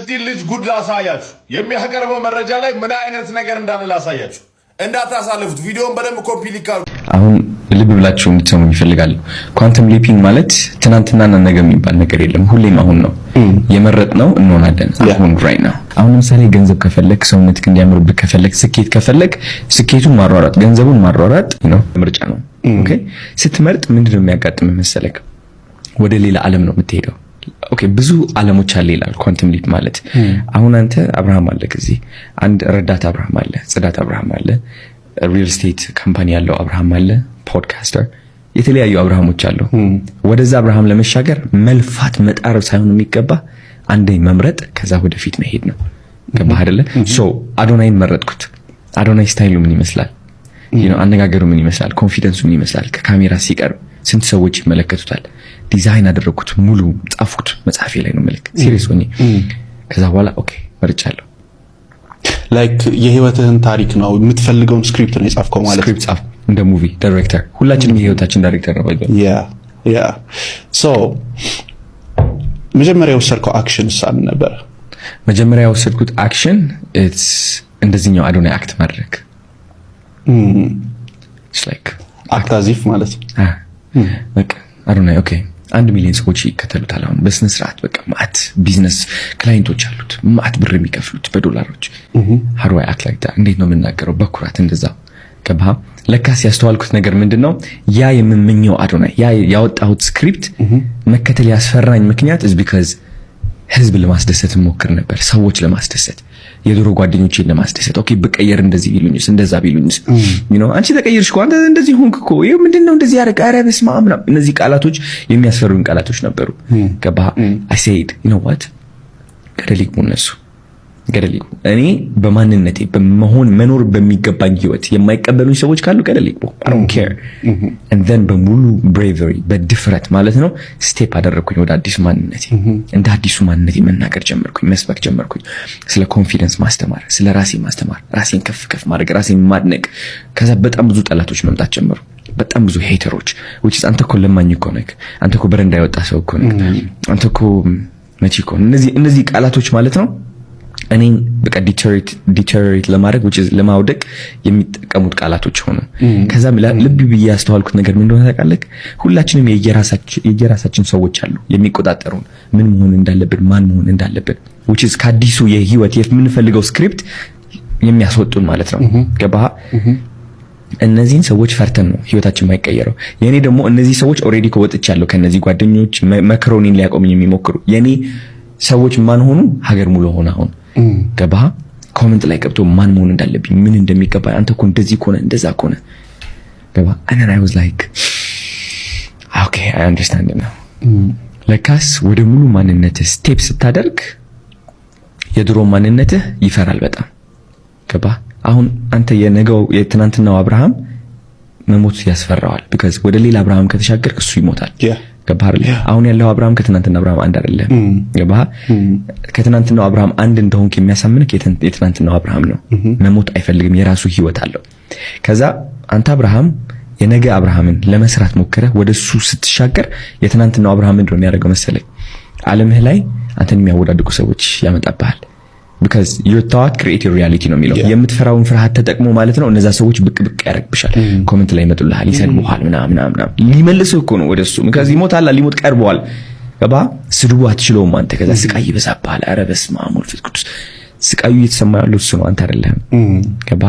የዚህ ልጅ ጉድ ላሳያችሁ። የሚያቀርበው መረጃ ላይ ምን አይነት ነገር እንዳለ ላሳያችሁ። እንዳታሳልፉት ቪዲዮን በደንብ ኮፒ ሊካሉ። አሁን ልብ ብላችሁ እንድትሰሙ ይፈልጋሉ። ኳንተም ሊፒንግ ማለት ትናንትናና ነገ የሚባል ነገር የለም። ሁሌም አሁን ነው ነው እንሆናለን። አሁን ራይ ነው። አሁን ለምሳሌ ገንዘብ ከፈለግ፣ ሰውነት እንዲያምርብህ ከፈለግ፣ ስኬት ከፈለግ፣ ስኬቱን ማሯራጥ፣ ገንዘቡን ማሯራጥ ነው ምርጫ ነው። ስትመርጥ ምንድነው የሚያጋጥም መሰለክ? ወደ ሌላ ዓለም ነው የምትሄደው ኦኬ ብዙ አለሞች አለ ይላል ኳንቲም ሊፕ ማለት። አሁን አንተ አብርሃም አለ ከዚህ አንድ ረዳት አብርሃም አለ፣ ጽዳት አብርሃም አለ፣ ሪል ስቴት ካምፓኒ ያለው አብርሃም አለ፣ ፖድካስተር፣ የተለያዩ አብርሃሞች አሉ ወደዛ አብርሃም ለመሻገር መልፋት መጣረብ ሳይሆን የሚገባ አንደኝ መምረጥ ከዛ ወደፊት መሄድ ነው። ገባህ አይደለ? ሶ አዶናይን መረጥኩት። አዶናይ ስታይሉ ምን ይመስላል? አነጋገሩ ምን ይመስላል? ኮንፊደንሱ ምን ይመስላል? ከካሜራ ሲቀርብ ስንት ሰዎች ይመለከቱታል። ዲዛይን አደረግኩት፣ ሙሉ ጻፍኩት፣ መጽሐፌ ላይ ነው መልክ ሲሪየስ ሆኜ። ከዛ በኋላ ኦኬ መርጫለሁ። ላይክ የህይወትህን ታሪክ ነው የምትፈልገውን ስክሪፕት ነው የጻፍከው ማለት ስክሪፕት እንደ ሙቪ ዳይሬክተር። ሁላችንም የህይወታችን ዳይሬክተር ነው ያ ያ ሶ መጀመሪያ የወሰድከው አክሽን ሳን ነበር። መጀመሪያ የወሰድኩት አክሽን ኢትስ እንደዚህኛው አዶናይ አክት ማድረግ ኢትስ ላይክ አክት አዚፍ ማለት ነው በቃ አዶናይ ኦኬ አንድ ሚሊዮን ሰዎች ይከተሉታል። አሁን በስነ ስርዓት በቃ ማት ቢዝነስ ክላይንቶች አሉት፣ ማት ብር የሚከፍሉት በዶላሮች። ሀሮይ አክላይታ እንዴት ነው የምናገረው? በኩራት እንደዛ ገባ። ለካስ ያስተዋልኩት ነገር ምንድን ነው? ያ የምመኘው አዶናይ ያ ያወጣሁት ስክሪፕት መከተል ያስፈራኝ ምክንያት ቢካዝ ህዝብ ለማስደሰት እሞክር ነበር፣ ሰዎች ለማስደሰት የድሮ ጓደኞቼን ለማስደሰት ኦኬ ብቀየር እንደዚህ ቢሉኝስ እንደዛ ቢሉኝስ ነው። አንቺ ተቀየርሽ እኮ አንተ እንደዚህ ሆንክ እኮ ይሄ ምንድን ነው እንደዚህ ያደረግ ኧረ በስመ አብ ምናምን። እነዚህ ቃላቶች የሚያስፈሩኝ ቃላቶች ነበሩ። ገባህ? አይ ሴድ ዩ ኖ ዋት ገደል ይግቡ እነሱ ገደል እኔ በማንነቴ በመሆን መኖር በሚገባኝ ህይወት የማይቀበሉኝ ሰዎች ካሉ ገደል mm-hmm. በሙሉ ብሬቨሪ በድፍረት ማለት ነው ስቴፕ አደረግኩኝ ወደ አዲሱ ማንነቴ። mm-hmm. እንደ አዲሱ ማንነቴ መናገር ጀመርኩኝ፣ መስበክ ጀመርኩኝ። ስለ ኮንፊደንስ ማስተማር፣ ስለ ራሴ ማስተማር፣ ራሴን ከፍ ከፍ ማድረግ፣ ራሴን ማድነቅ። ከዛ በጣም ብዙ ጠላቶች መምጣት ጀመሩ። በጣም ብዙ ሄተሮች ውጭስ አንተ እኮ ለማኝ እኮ ነህ፣ አንተ እኮ በረንዳ የወጣ ሰው እኮ ነህ፣ mm-hmm. አንተ እኮ መቼ እኮ እነዚህ ቃላቶች ማለት ነው እኔን በቃ ዲቸሬት ለማድረግ ለማውደቅ የሚጠቀሙት ቃላቶች ሆኑ። ከዛም ልብ ብዬ ያስተዋልኩት ነገር ምን እንደሆነ ታውቃለህ? ሁላችንም የየራሳችን ሰዎች አሉ የሚቆጣጠሩን፣ ምን መሆን እንዳለብን፣ ማን መሆን እንዳለብን which is ከአዲሱ የህይወት የምንፈልገው ስክሪፕት የሚያስወጡን ማለት ነው። ገባህ? እነዚህን ሰዎች ፈርተን ነው ህይወታችን የማይቀየረው። የኔ ደግሞ እነዚህ ሰዎች ኦልሬዲ ከወጥቻለሁ ከነዚህ ጓደኞች መክረውኝ ሊያቆሙኝ የሚሞክሩ የኔ ሰዎች ማን ሆኑ ሀገር ሙሉ ሆነ አሁን ገባ ኮመንት ላይ ገብቶ ማን መሆን እንዳለብኝ ምን እንደሚገባ አንተ እኮ እንደዚህ ከሆነ እንደዛ ከሆነ ገባ አንን አይ ዋዝ ላይክ ኦኬ አይ አንደርስታንድ ነው። ለካስ ወደ ሙሉ ማንነት ስቴፕ ስታደርግ የድሮ ማንነትህ ይፈራል በጣም ገባ አሁን አንተ የነገው የትናንትናው አብርሃም መሞት ያስፈራዋል። ቢካዝ ወደ ሌላ አብርሃም ከተሻገርክ እሱ ይሞታል። ገባሃል? አሁን ያለው አብርሃም ከትናንትና አብርሃም አንድ አይደለም። ገባህ? ከትናንትናው አብርሃም አንድ እንደሆንክ የሚያሳምንክ የትናንትናው አብርሃም ነው። መሞት አይፈልግም። የራሱ ህይወት አለው። ከዛ አንተ አብርሃም የነገ አብርሃምን ለመስራት ሞከረ ወደሱ ስትሻገር የትናንትናው አብርሃም ምንድን ነው የሚያደርገው መሰለኝ? አለምህ ላይ አንተን የሚያወዳድቁ ሰዎች ያመጣብሃል። ቢካዝ ዩር ታዋት ክሪኤት ዩር ሪያሊቲ ነው የሚለው የምትፈራውን ፍርሃት ተጠቅሞ ማለት ነው። እነዛ ሰዎች ብቅ ብቅ ያደርግብሻል። ኮመንት hmm. ላይ ይመጡልሃል፣ hmm. ይሰድቡሃል፣ ምናምን ምናምን። ሊመልስህ እኮ ነው ወደሱ። ቢካዝ ይሞታል፣ ሊሞት ቀርበዋል። ገባ ስድቡ አትችለውም አንተ። ከዛ hmm. ስቃይ ይበዛብሃል። ኧረ በስመ አብ ወልድ ቅዱስ ስቃዩ እየተሰማ ያለው እሱ ነው፣ አንተ አይደለህም። ገባ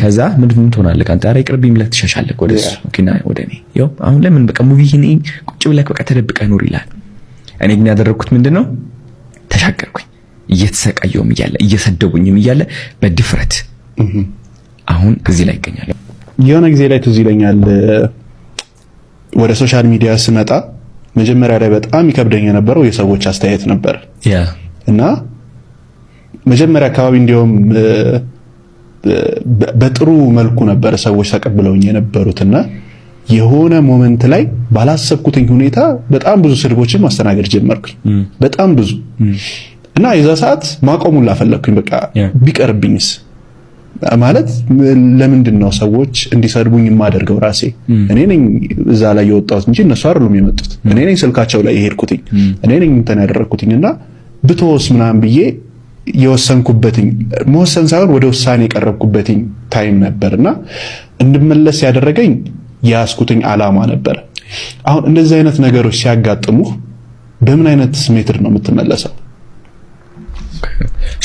ከዛ ምን ምን ትሆናለህ አንተ? ኧረ ይቅርብኝ ብለህ ትሸሻለህ ወደ እሱ ኪና ወደ እኔ። ያው አሁን ለምን በቃ ሙቪ ይሄን ቁጭ ብለህ በቃ ተደብቀህ ኑር ይላል። እኔ ግን ያደረግኩት ምንድን ነው ተሻገርኩኝ እየተሰቃየውም እያለ እየሰደቡኝም እያለ በድፍረት አሁን እዚህ ላይ ይገኛል። የሆነ ጊዜ ላይ ትዝ ይለኛል ወደ ሶሻል ሚዲያ ስመጣ መጀመሪያ ላይ በጣም ይከብደኝ የነበረው የሰዎች አስተያየት ነበር እና መጀመሪያ አካባቢ እንዲሁም በጥሩ መልኩ ነበር ሰዎች ተቀብለውኝ የነበሩትና የሆነ ሞመንት ላይ ባላሰብኩትኝ ሁኔታ በጣም ብዙ ስድቦችን ማስተናገድ ጀመርኩኝ። በጣም ብዙ እና የዛ ሰዓት ማቆሙን ላፈለግኩኝ በቃ ቢቀርብኝስ ማለት ለምንድን ነው ሰዎች እንዲሰድቡኝ የማደርገው? ራሴ mm. እኔ ነኝ እዛ ላይ የወጣሁት እንጂ እነሱ አይደሉም የመጡት። mm. እኔ ነኝ ስልካቸው ላይ የሄድኩትኝ፣ mm. እኔ ነኝ እንትን ያደረግኩትኝ እና ብትወስ ምናምን ብዬ የወሰንኩበትኝ መወሰን ሳይሆን ወደ ውሳኔ የቀረብኩበትኝ ታይም ነበር እና እንድመለስ ያደረገኝ የያዝኩትኝ አላማ ነበር። አሁን እንደዚህ አይነት ነገሮች ሲያጋጥሙ በምን አይነት ስሜት ነው የምትመለሰው?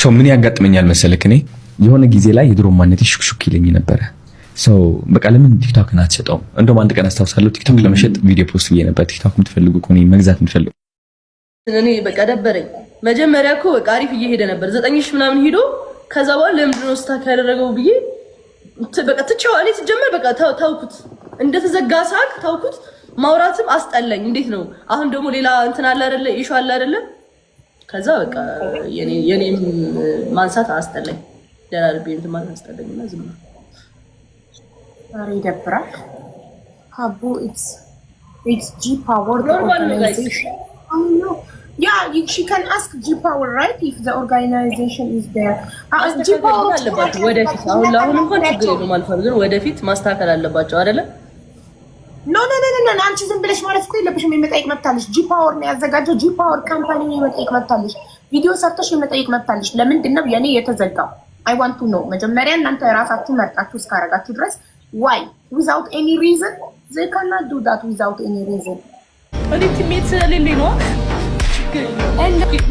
ሰው ምን ያጋጥመኛል መሰለክ፣ እኔ የሆነ ጊዜ ላይ የድሮ ማነት ሹክሹክ ይለኝ ነበረ። ሰው በቃ ለምን ቲክቶክን አትሸጠውም? እንደውም አንድ ቀን አስታውሳለሁ ቲክቶክ ለመሸጥ ቪዲዮ ፖስት ብዬ ነበር። ቲክቶክ የምትፈልጉ ከሆነ መግዛት የምትፈልጉ እኔ በቃ ደበረኝ። መጀመሪያ እኮ በቃ አሪፍ እየሄደ ነበር፣ ዘጠኝ ሺህ ምናምን ሂዶ ከዛ በኋላ ለምንድን ነው ስታክ ያደረገው ብዬ በቃ ትቼዋለሁ። በቃ ታውኩት፣ እንደተዘጋ ሳቅ ታውኩት። ማውራትም አስጠላኝ። እንዴት ነው አሁን ደግሞ ሌላ እንትን አለ አይደለ፣ ኢሹ አለ ከዛ በቃ የኔም ማንሳት አስጠላኝ። ደራርቤ እንትን ማለት አስጠላኝ እና ዝም ነው። ኧረ ይደብራል። ሀቡ ኢትስ ጂ ፓወር ያ ሺ አስክ ጂ ፓወር ራይት ኢፍ ዘ ኦርጋናይዜሽን ኢዝ አለባቸው። ወደፊት አሁን ለአሁን እንኳን ችግር የለውም ግን ወደፊት ማስተካከል አለባቸው አይደለም ኖ ኖ ኖ ኖ አንቺ ዝም ብለሽ ማለት እኮ የለብሽም። የመጠየቅ መብታለሽ። ጂ ፓወር ነው ያዘጋጀው። ጂ ፓወር ካምፓኒ ነው የመጠየቅ መብታለሽ። ቪዲዮ ሰርተሽ የመጠየቅ መብታለሽ። ለምንድን ነው የኔ የተዘጋው? አይ ዋንቱ ኖ መጀመሪያ እናንተ ራሳችሁ መርጣችሁ እስካረጋችሁ ድረስ ዋይ ዊዛውት ኤኒ ሪዝን ዘይ ካናት ዱ ዳት ዊዛውት ኤኒ ሪዝን ወደ ቲሜት ስለሌለ ነው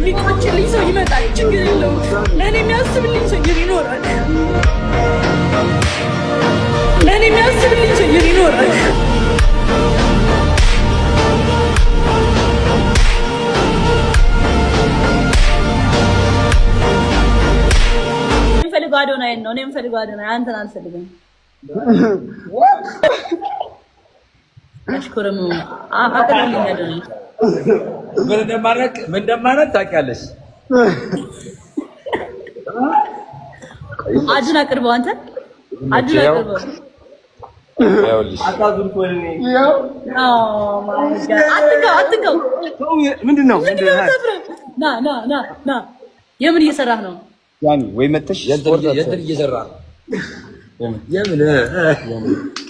ሚቆችልኝ ሰው ይመጣል። ችግር የለው ለእኔ የሚያስብልኝ ሰው ይኖራል። ለእኔ የሚያስብልኝ ሰው ይኖራል። አዶናይ ነው። እኔ የምፈልገው አዶናይ፣ አንተን አልፈልግም። አሽኩርም አቀዳልኝ አዶናይ። ምን እንደማደርግ ምን እንደማደርግ ታውቂያለሽ። አዱና ቅርበው፣ አንተ አዱና ቅርበው። ምንድን ነው? ና ና ና የምን እየሰራህ ነው? يعني ويمتش يد እየዘራ የምን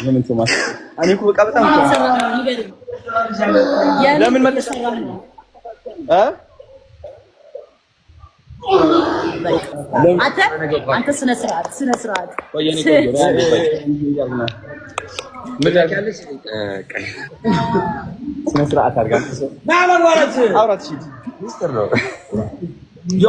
የምን እንትን እኔ እኮ በቃ በጣም ለምን መጥተሽ እ አንተ ስነ ስርዓት ስነ ስርዓት ስነ ስርዓት አድርጋ አውራት ሺት ሚስጥር ነው ዮ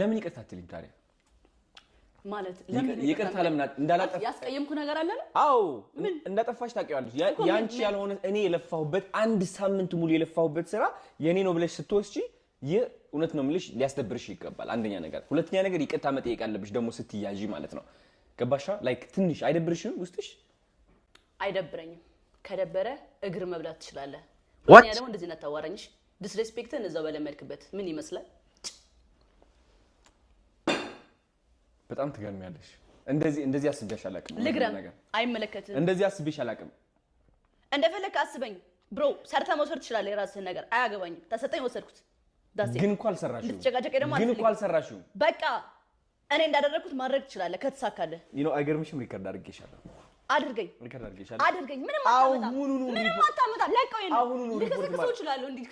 ለምን ይቅርታ አትልኝ ታዲያ? ማለት ለምን ይቅርታ ለምን እንዳላጠፋ ያስቀየምኩ ነገር አለ? ነው? አዎ እንዳጠፋሽ ታውቂዋለሽ። ያንቺ ያልሆነ እኔ የለፋሁበት አንድ ሳምንት ሙሉ የለፋሁበት ስራ የኔ ነው ብለሽ ስትወስጂ ይህ እውነት ነው የምልሽ ሊያስደብርሽ ይገባል። አንደኛ ነገር፣ ሁለተኛ ነገር ይቅርታ መጠየቅ አለብሽ ደግሞ ስትያዢ ማለት ነው። ገባሻ? ላይክ ትንሽ አይደብርሽም? ውስጥሽ አይደብረኝም። ከደበረ እግር መብላት ትችላለህ። ደግሞ እንደዚህ እናታዋራኝሽ ዲስሬስፔክትን እዛው በለመድክበት ምን ይመስላል? በጣም ትገርሚያለሽ። እንደዚህ እንደዚህ አስቤሽ አላቅም። ልግረም አይመለከትም። እንደዚህ አስቤሽ አላቅም። እንደፈለክ አስበኝ ብሮ። ሰርተ መውሰድ ትችላለህ የራስህን ነገር አያገባኝም። ተሰጠኝ ወሰድኩት። ግን እኮ አልሰራሽም። ልትጨቃጨቅ ደግሞ ግን እኮ አልሰራሽም። በቃ እኔ እንዳደረግኩት ማድረግ ትችላለህ ከተሳካለህ። ይህ ነው አይገርምሽም? ሪከርድ አድርጌሻለሁ። አድርገኝ አድርገኝ። ምንም አታመጣም። ምንም አታመጣም። ለቀው ይሄን ልክስክሶ ይችላሉ እንዲህ